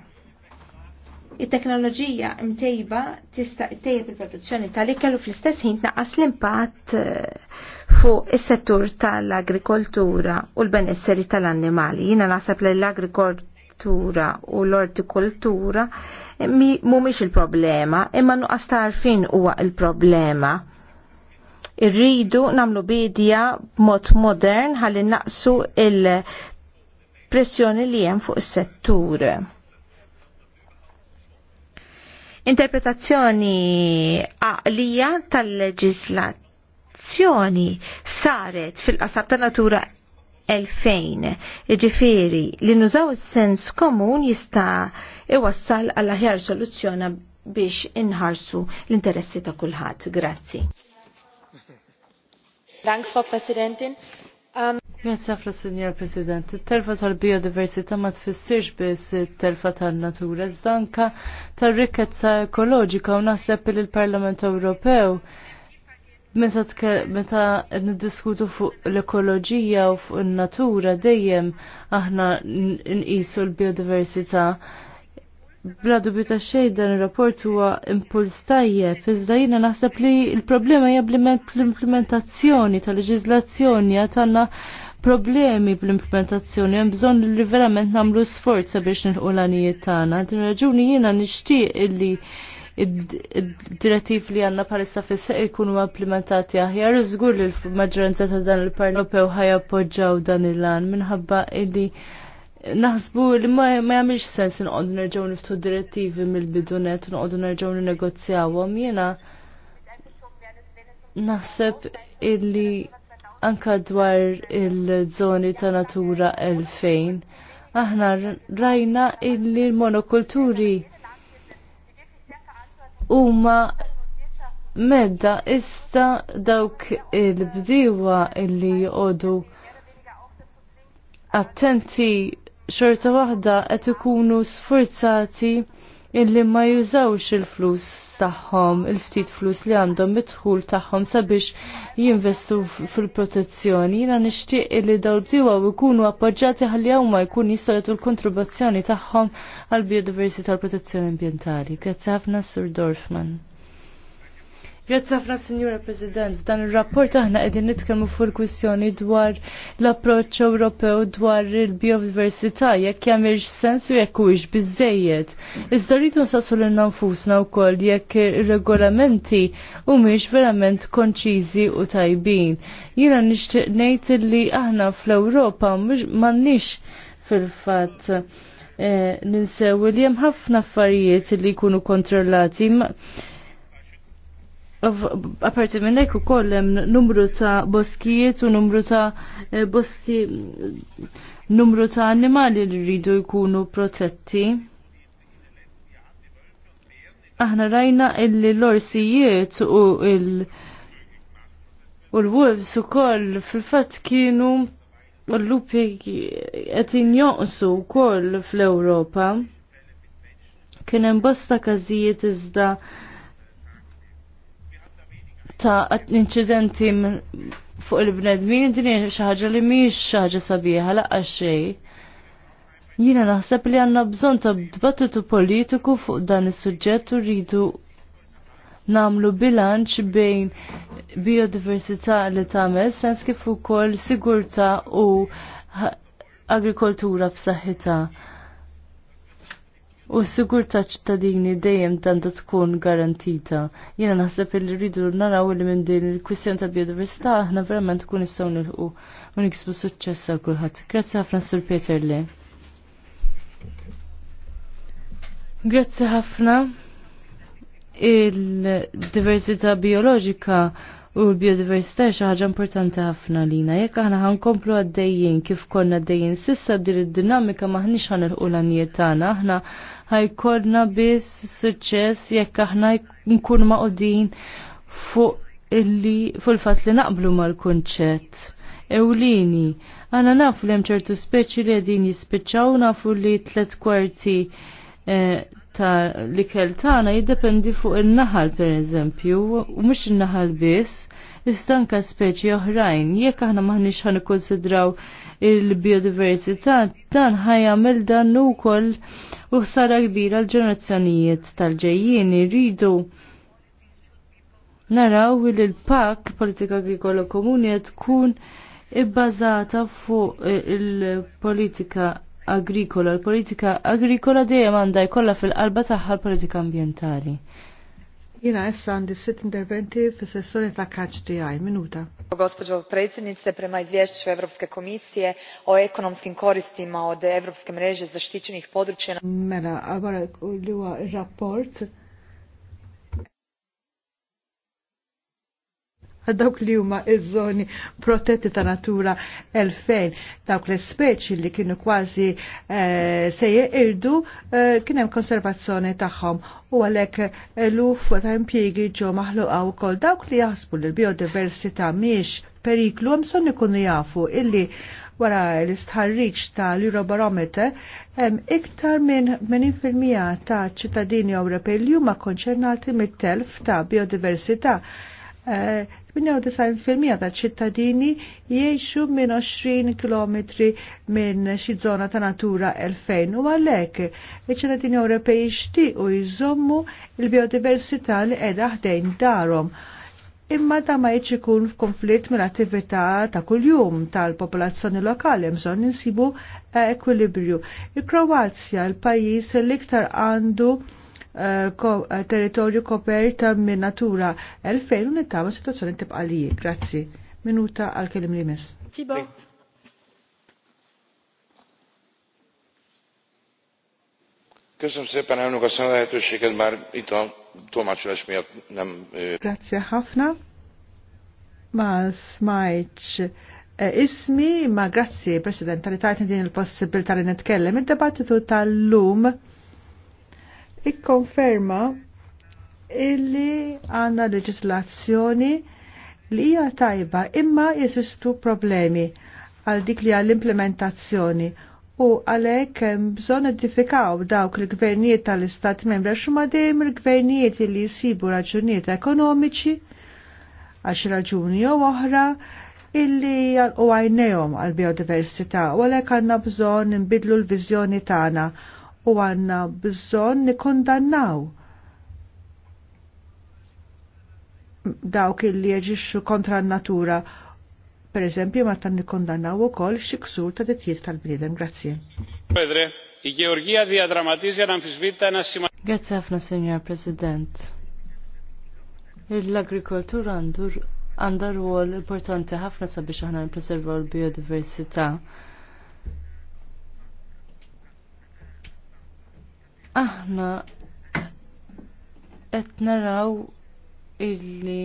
Il-teknoloġija mtejba tista' tejjeb il-produzzjoni tal-ikel u fl-istess ħin tnaqqas l-impatt eh, fuq is-settur tal-agrikoltura u l-benesseri tal-annimali. Jiena naħseb l-agrikoltura u l-ortikoltura mumiex il-problema, imma nuqqas tarfin huwa il-problema. Irridu namlu bidja b'mod modern ħalli naqsu il-pressjoni li hemm fuq is-settur. Interpretazzjoni għaqlija tal-leġislazzjoni saret fil-qasab ta' natura 2000. Ġifiri, li nużaw is-sens komun jista' iwassal għall aħjar soluzzjona biex inħarsu l-interessi ta' kulħadd. Grazzi. Dank, Frau Präsidentin. Um... Grazie ħafna, Signor President. Telfa tal-biodiversità ma tfissirx biss telfa tal natura iżda anke tar-rikkezza ekoloġika u naħseb li l-Parlament Ewropew meta qed niddiskutu fuq l-ekoloġija u fuq in-natura dejjem aħna nqisu l-biodiversità bla dubju ta' xejn dan ir-rapport huwa impuls tajjeb, iżda jiena naħseb li l-problema hija bl-implementazzjoni tal-leġiżlazzjoni għad għandna problemi bl-implementazzjoni hemm bżonn li verament nagħmlu sforz sabiex nilħu l-għanijiet tagħna. Din raġuni jiena nixtieq illi id-direttiv li għanna palissa fissa ikunu implementati aħjar, zgur li l-maġġoranza ta' dan il-Parlament ħaj appoġġaw dan il-lan minħabba illi naħsbu li ma jagħmilx sens inqogħdu nerġgħu niftu direttivi mill-bidunet nqogħdu nerġgħu ninegozjawhom jiena naħseb illi anka dwar il-żoni ta' natura 2000 aħna rajna illi l-monokulturi huma medda issa dawk il-bdiewa illi jqogħdu attenti xorta waħda qed ikunu sforzati illi ma jużawx il-flus tagħhom, il-ftit flus li għandhom mitħul tagħhom sabiex jinvestu fil-protezzjoni. Jiena nixtieq illi dawn bdiewa jkunu appoġġati ħalli ma jkun jistgħu l-kontribuzzjoni tagħhom għall biodiversità tal protezzjoni ambjentali. Grazzi ħafna Sur Dorfman a ħafna Sinjura President, f'dan ir-rapport aħna qegħdin nitkellmu fuq il-kwistjoni dwar l-approċċ Ewropew dwar il-biodiversità jekk jagħmilx sens u jekk huwiex biżejjed. Iżda rridu nsaqsu lil nfusna wkoll jekk ir-regolamenti humiex verament konċiżi u tajbin. Jiena nixtieq ngħid li aħna fl-Ewropa m'għandniex fil-fatt eh, ninsew li hemm ħafna affarijiet li jkunu kontrollati Aparti minn hekk ukoll hemm numru ta' boskijiet u numru ta' eh, bosti numru ta' annimali li rridu jkunu protetti. Aħna rajna illi l-orsijiet u il- u l-wolves ukoll fil-fatt kienu u l-lupi qed joqsu wkoll fl-Ewropa. Kien hemm bosta każijiet iżda ta' incidenti fuq il-bnedmin din xi ħaġa li mhix xi ħaġa sabiħa laqgħa xejn. Jiena naħseb li għandna bżonn ta' dibattitu politiku fuq dan is-suġġett u rridu namlu bilanċ bejn biodiversità li tagħmel sens kif ukoll sigurtà u agrikoltura b'saħħitha. U s ta' ċittadini dejjem tanda tkun garantita. Jena naħseb li rridu naraw li minn din il kwissjon tal-biodiversità aħna verament tkun nistgħu nilħu u niksbu suċċess għal kulħadd. Grazzi ħafna Sur Peter Le. Grazzi ħafna il-diversità biologika U l-biodiversità xi ħaġa importanti ħafna lina. Jekk aħna ħankomplu għaddejjin kif konna għaddejjin sissa b'din id-dinamika maħniex ħanilqu l tagħna, aħna ħajkollna biss suċċess jekk aħna nkunu maqdin fuq illi fuq il-fatt li naqblu mal-kunċett. Ewlini, għana nafu li hemm ċertu speċi li qegħdin jispiċċaw nafu li tliet kwarti eh, ta' li kell tagħna jiddependi fuq in-naħal pereżempju, u mhux in-naħal biss, iżda anke speċi oħrajn. Jekk aħna maħniex ħan konsidraw il-biodiversità, dan ħajamil dan u koll u ħsara kbira l-ġenerazzjonijiet tal-ġejjien irridu naraw li l-pak politika agrikola komuni tkun ibbażata fuq il-politika agrikola. L-politika agrikola dejjem għandha jkollha fil-qalba tagħha l-politika ambjentali. Jina essa għandi sitt interventi fis sessjoni ta' kaċ tijaj. Minuta. Gospođo predsjednice, prema izvješću Evropske komisije o ekonomskim koristima od Evropske mreže zaštićenih područja. Mela, għabara li huwa rapport dawk li huma iż-żoni protetti ta' natura 2000 dawk l-speċi li kienu kważi e, se irdu eh, kien hemm konservazzjoni tagħhom u għalhekk eluf eh, ta' impjiegi ġew maħluqa wkoll dawk li jaħsbu li l-biodiversità mhix periklu hemm son ikunu jafu illi wara l-istħarriġ tal-Eurobarometer hemm iktar minn 80% ta' ċittadini Ewropej li huma konċernati mit-telf ta' biodiversità 98% tal-ċittadini jiexu minn 20 km minn xi zona ta' natura 2000 u għalhekk iċ-ċittadini Ewropej jixtiequ jżommu l biodiversità li qiegħda ħdejn darhom imma ta' ma jiex ikun f'konflitt mill-attività ta' kuljum tal-popolazzjoni lokali bżonn insibu eh, ekwilibrju. Il-Kroazja l-pajjiż l-iktar għandu Eh, eh, territorju koperta minn natura 2000 u nittama situazzjoni tibqa' li. Grazzi. Minuta għal kelim li mis. Tibo. Köszönöm szépen, elnök asszony, a lehetőséget már itt a tolmácsolás miatt nem... Grazie, Hafna. Ma smajtx eh, ismi, ma grazie, President, tal-li tajtni din il-possibil tal-li netkellem. Id-debattitu tal-lum ikkonferma illi għanna leġislazzjoni li hija tajba imma jesistu problemi għal dik li għall implementazzjoni u għalek bżon identifikaw dawk il-gvernijiet tal-istat membra xumma dejjem il-gvernijiet li jisibu raġunijiet ekonomiċi għax raġuni jew oħra illi u għajnejhom għal biodiversità u għalek għandna bżon nbidlu l-viżjoni tagħna u għanna bżon nikondannaw dawk li jeġixxu kontra n-natura. Per eżempju, ma tan nikondannaw u kol xiksur ta' detjiet tal bnidem Grazie. Pedre, i Georgija diadrammatizja n fisvita na sima. Grazie ħafna, Signor President. L-agrikoltura għandar għandha rwol importanti ħafna sabiex aħna preservaw l-biodiversità aħna qed naraw illi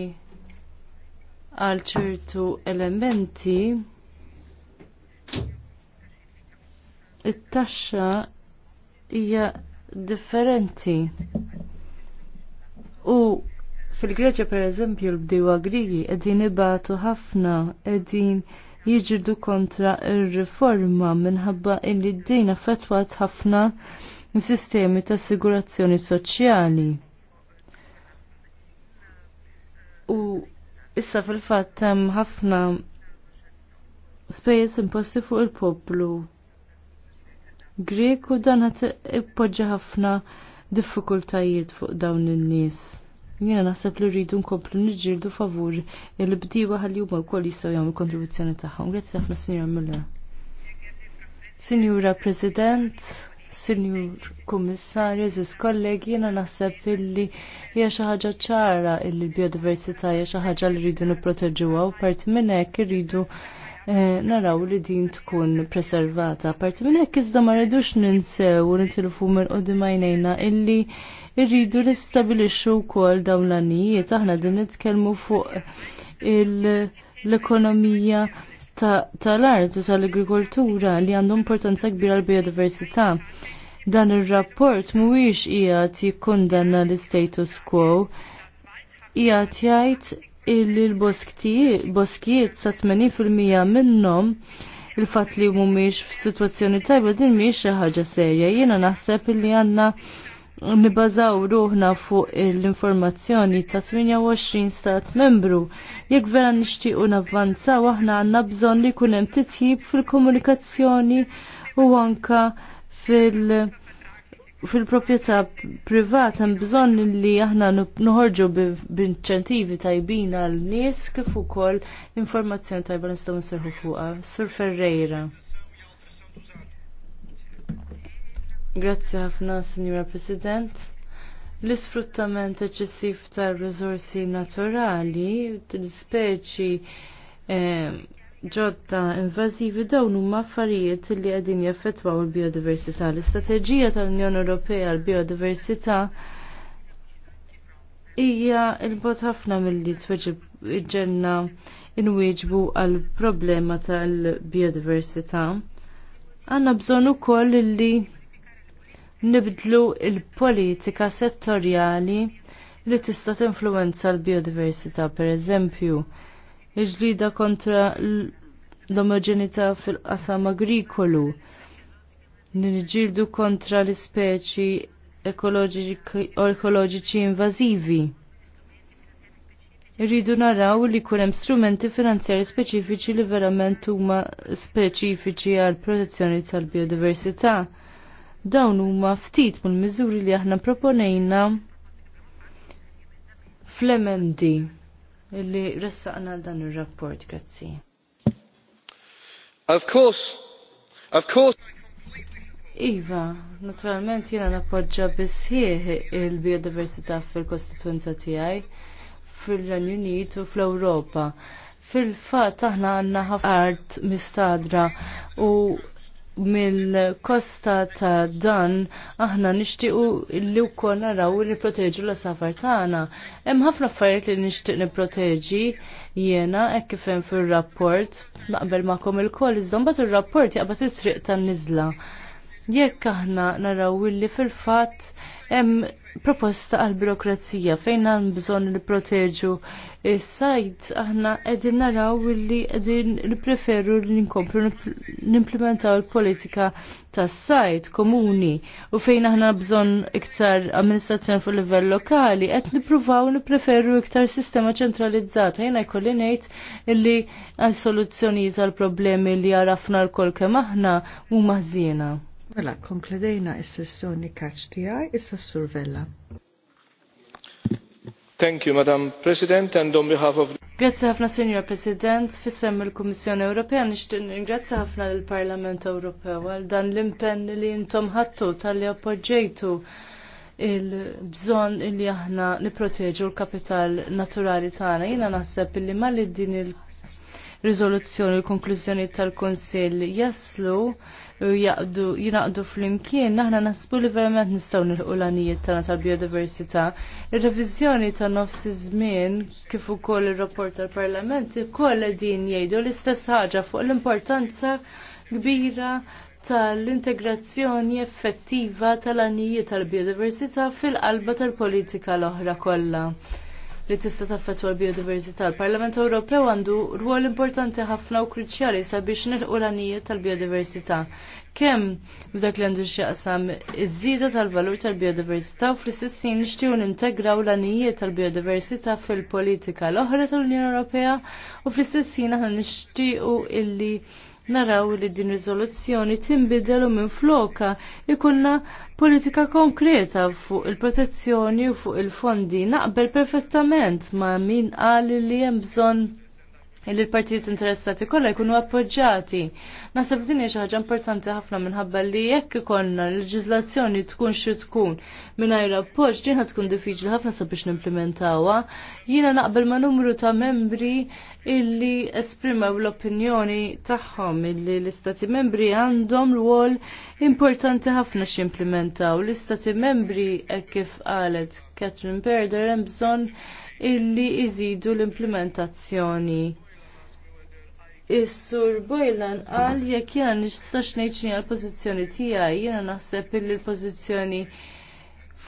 għal ċertu elementi it-taxxa hija differenti. U fil-Greċja pereżempju l-bdiewa Grigi qegħdin ibatu ħafna qegħdin jiġridu kontra ir-riforma minħabba illi d-din affettwat ħafna mis-sistemi ta' assigurazzjoni soċjali. U issa fil-fatt hemm ħafna spejjeż imposti fuq il-poplu Grek u dan ħat ippoġġa ħafna diffikultajiet fuq dawn in-nies. Jiena naħseb li rridu nkomplu niġġieldu favur il-bdiewa ħalli huma wkoll jistgħu jagħmlu kontribuzzjoni tagħhom. Grazzi ħafna Signora Miller. Sinjura President, Sinjur Kummissarju, ziz kollegi, jena naħseb illi hija xi ħaġa ċara illi biodiversità hija xi ħaġa li rridu nipproteġuha u parti minn hekk irridu eh, naraw li din tkun preservata. Parti minn hekk iżda ma rridux ninsew u nitilfu minn qudiem għajnejna illi rridu nistabilixxu wkoll dawn l-anijiet aħna din nitkellmu fuq l-ekonomija il tal-art u tal-agrikoltura li għandu importanza kbira għall biodiversità Dan ir-rapport mhuwiex qiegħed jikkundanna l-status quo, qiegħed jgħid illi l-boskijiet sa 80% minnhom il-fatt li mhumiex f'sitwazzjoni tajba din mhijiex xi ħaġa serja. Jiena naħseb illi għandna nibazaw ruħna fuq l-informazzjoni ta' 28 stat membru. Jekk vera nixtiequ navvanzaw aħna għandna bżonn li jkun hemm titjib fil-komunikazzjoni u anka fil- fil-proprjetà privat hemm bżonn li aħna noħorġu b'inċentivi tajbin għal nies kif ukoll informazzjoni tajba nistgħu nserħu fuqha. Sur Ferreira. Grazzi ħafna, Signora President. L-isfruttament eċessiv tal-rizorsi naturali, tal dispeċi eh, ġodda invażivi dawn huma affarijiet li qegħdin jaffettwaw il-biodiversità. L-istrateġija tal-Unjoni Ewropea għall biodiversità hija il bot ħafna milli tweġib ġenna inwieġbu għal problema tal-biodiversità. Għanna bżonn ukoll li nibdlu il-politika settorjali li tista' tinfluwenza l-biodiversità pereżempju. Iġlida kontra l-omogenità fil-qasam agrikolu, nirġildu kontra l-ispeċi ekoloġiċi invażivi. Irridu naraw li kunem hemm strumenti finanzjari speċifiċi li verament huma speċifiċi għal protezzjoni tal-biodiversità dawn huma ftit mill-miżuri li aħna proponejna fl-emendi li ressaqna dan ir-rapport, grazzi. Of course, of course. Iva, naturalment jiena nappoġġa bisħieħ il-biodiversità fil-kostituenza tiegħi fil-Renju Unit u fl-Ewropa. Fil-fatt aħna għandna ħafna art mistadra u mill-kosta ta' dan aħna nixtiequ li wkoll naraw li proteġu l-safar tagħna. Hemm ħafna affarijiet li nixtieq nipproteġi jiena hekk kif hemm fir-rapport naqbel magħkom il-koll iżda bat ir-rapport jaqbad is-triq tan-niżla. Jekk aħna naraw li fil-fatt hemm proposta għal birokrazija fejn għan bżon li proteġu sajt aħna edin naraw li edin li preferu li nkomplu nimplementaw il-politika tas sajt komuni u fejn aħna bżon iktar amministrazzjoni fuq livell lokali qed nippruvaw nipreferu iktar sistema ċentralizzata jena jkolli ngħid li għal soluzzjonijiet għal problemi li għarafna l-kol kemm aħna huma ħżiena. Mela, konkludejna s sessjoni kaċ tiegħi issa survella Thank you, Madam President, and on behalf of... Grazie ħafna, Senjor President, fissem il-Kommissjoni Ewropea, nishtin ingrazzi ħafna l-Parlament Ewropew għal dan l-impenn li jintom ħattu tal-li appoġġejtu il-bżon li aħna niproteġu l-kapital naturali tagħna. Jiena naħseb li mal din il- riżoluzzjoni u konklużjoni tal-Kunsill jaslu u jaqdu jinaqdu fl-imkien aħna nasbu li verament nistgħu nilħu l-għanijiet tagħna tal-biodiversità. Ir-reviżjoni ta' nofs żmien kif ukoll ir-rapport tal-Parlament ikoll din jgħidu l-istess ħaġa fuq l-importanza kbira tal-integrazzjoni effettiva tal għanijiet tal-biodiversità fil-qalba tal-politika l-oħra kollha li tista' taffettwa l-biodiversità. l parlament Ewropew għandu rwol importanti ħafna u kruċjali sabiex nilqu l-għanijiet tal-biodiversità. Kemm b'dak li għandu x'jaqsam iż żida tal-valur tal-biodiversità u fl-istessin nixtiew nintegraw l-għanijiet tal-biodiversità fil-politika l-oħra tal-Unjoni Ewropea u fl-istessin aħna nixtiequ illi naraw li din riżoluzzjoni timbidel u minn floka ikunna politika konkreta fuq il-protezzjoni u fuq il-fondi naqbel perfettament ma' min qal li hemm bżonn il l-partijiet interessati kollha jkunu appoġġjati. Nasab din hija xi ħaġa importanti ħafna minħabba li jekk ikollna l-leġiżlazzjoni tkun xi tkun mingħajr appoġġ din tkun diffiċli ħafna sabiex nimplementawha. Jiena naqbel ma' numru ta' membri illi esprimew l-opinjoni tagħhom illi l-istati membri għandhom rwol importanti ħafna x'implementaw. L-istati membri e kif qalet Catherine Berder hemm bżonn illi iżidu l-implementazzjoni Is-sur Bojlan qal jekk jiena nistax ngħid xinha l-pożizzjoni tiegħi, jiena naħseb illi l-pożizzjoni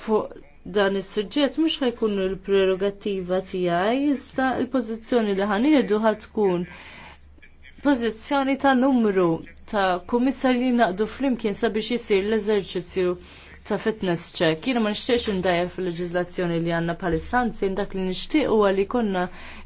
fuq dan is-suġġett mhux ħajkun l prerogattiva tiegħi, iżda l-pożizzjoni li ħanieħdu ħatkun pożizzjoni ta' numru ta' kummissarji naqdu flimkien sabiex isir l-eżerċizzju ta' fitness check. Jiena ma nixtiex indajja fil leġislazzjoni li għandna jien dak li nixtieq huwa li konna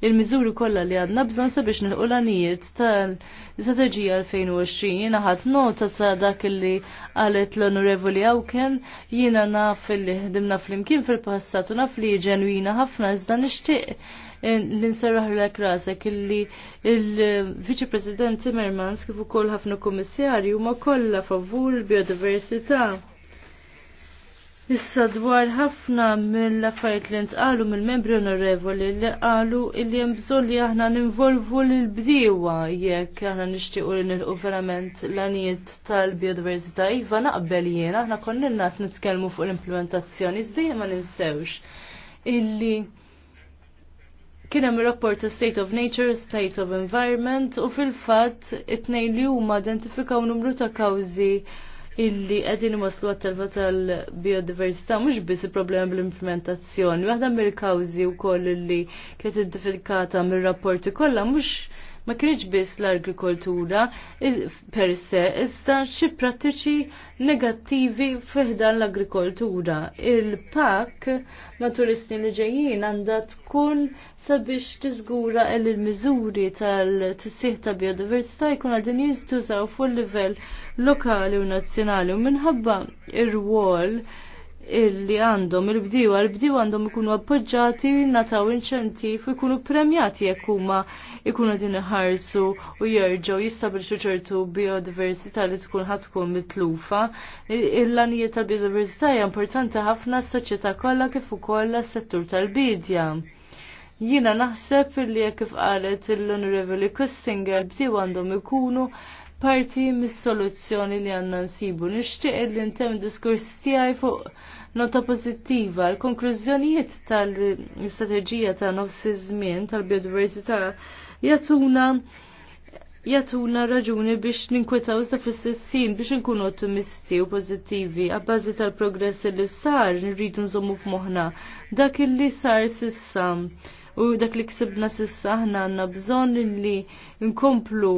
il-miżuri kollha li għandna bżonn sabiex nilqulanijiet tal-istrateġija 2020. Jiena ħadd nota ta' dak li qalet l-Onorevoli Awken jiena naf li ħdimna flimkien fil-passat u naf li ġenwina ħafna iżda nixtieq eh, l-inserraħ l rasek illi il-Vice President Timmermans kif ukoll ħafna kummissarju ma kollha favur il-biodiversità. Issa dwar ħafna mill-affarijiet li ntqalu mill-membri onorevoli li qalu li hemm bżonn li aħna ninvolvu lil bdiewa jekk aħna nixtiequ li nilqu verament l-anijiet tal-biodiversità. Iva naqbel jiena aħna konna nat nitkellmu fuq l-implementazzjoni iżda ma ninsewx illi kien hemm rapport ta' State of Nature, State of Environment u fil-fatt it-tnejn li huma identifikaw numru ta' kawżi illi qegħdin waslu għat-telfa tal-biodiversità mhux biss il-problema bl-implementazzjoni. Waħda mill-kawżi wkoll illi kienet identifikata mir-rapporti kollha mhux ma kienx biss l-agrikoltura per se, iżda xi prattiċi negattivi fiħdan l-agrikoltura. Il-pak ma' turisti li ġejjin għandha tkun sabiex tiżgura l miżuri tal-tisih ta' biodiversità jkun għadin jintużaw fuq livell lokali u nazzjonali u minħabba ir-rwol illi għandhom il-bdiwa, il-bdiwa għandhom ikunu appoġġati, nataw inċentif, ikunu premjati jekk huma ikunu din iħarsu u jerġgħu jistabilxu ċertu biodiversità li tkun tkun mitlufa. Il-lanijiet ta' biodiversità hija importanti ħafna s-soċjetà kollha kif ukoll s-settur tal-bidja. Jina naħseb li jekk qalet l-Onorevoli Kustinger bdiwa għandhom ikunu parti mis-soluzzjoni li għanna nsibu. Nixtieq li ntem diskurs tiegħi fuq nota pozittiva. L-konklużjonijiet tal-istrateġija ta' nofsi żmien tal-biodiversità jatuna jatuna raġuni biex ninkwetaw iżda fl-istessin biex nkunu ottimisti u pozittivi għabbażi tal-progress li sar nirridu nżommu f'moħħna dak li sar sissa u dak li ksibna sissa aħna għandna bżonn li nkomplu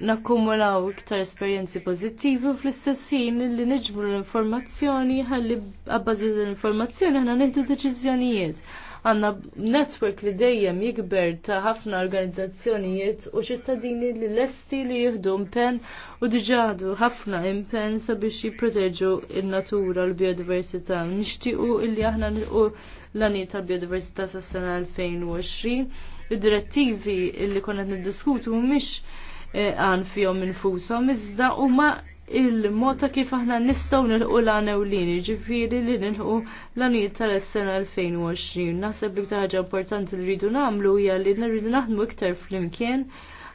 nakkumulaw iktar esperjenzi pożittivi u fl-istess ħin li niġbru l-informazzjoni ħalli għabbażi l-informazzjoni ħna nieħdu deċiżjonijiet. Għanna network li dejjem jikber ta' ħafna organizzazzjonijiet u ċittadini li lesti li jieħdu mpen u diġadu ħafna impen sabiex jipproteġu il-natura l-biodiversità. Nixtiequ illi aħna nilqu l-għaniet tal-biodiversità sas-sena 2020. Id-direttivi illi konna niddiskutu mhumiex għan fihom infushom iżda huma il-mod ta' kif aħna nistgħu nilħu l l-lini, ġifieri li nilħu l għani tal-sena 2020. Naħseb li ħaġa importanti li rridu nagħmlu hija li rridu naħdmu iktar flimkien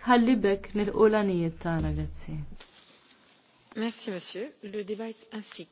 ħalli bekk nilqu l-għanijiet tagħna grazzi. Merci monsieur, le débat est ainsi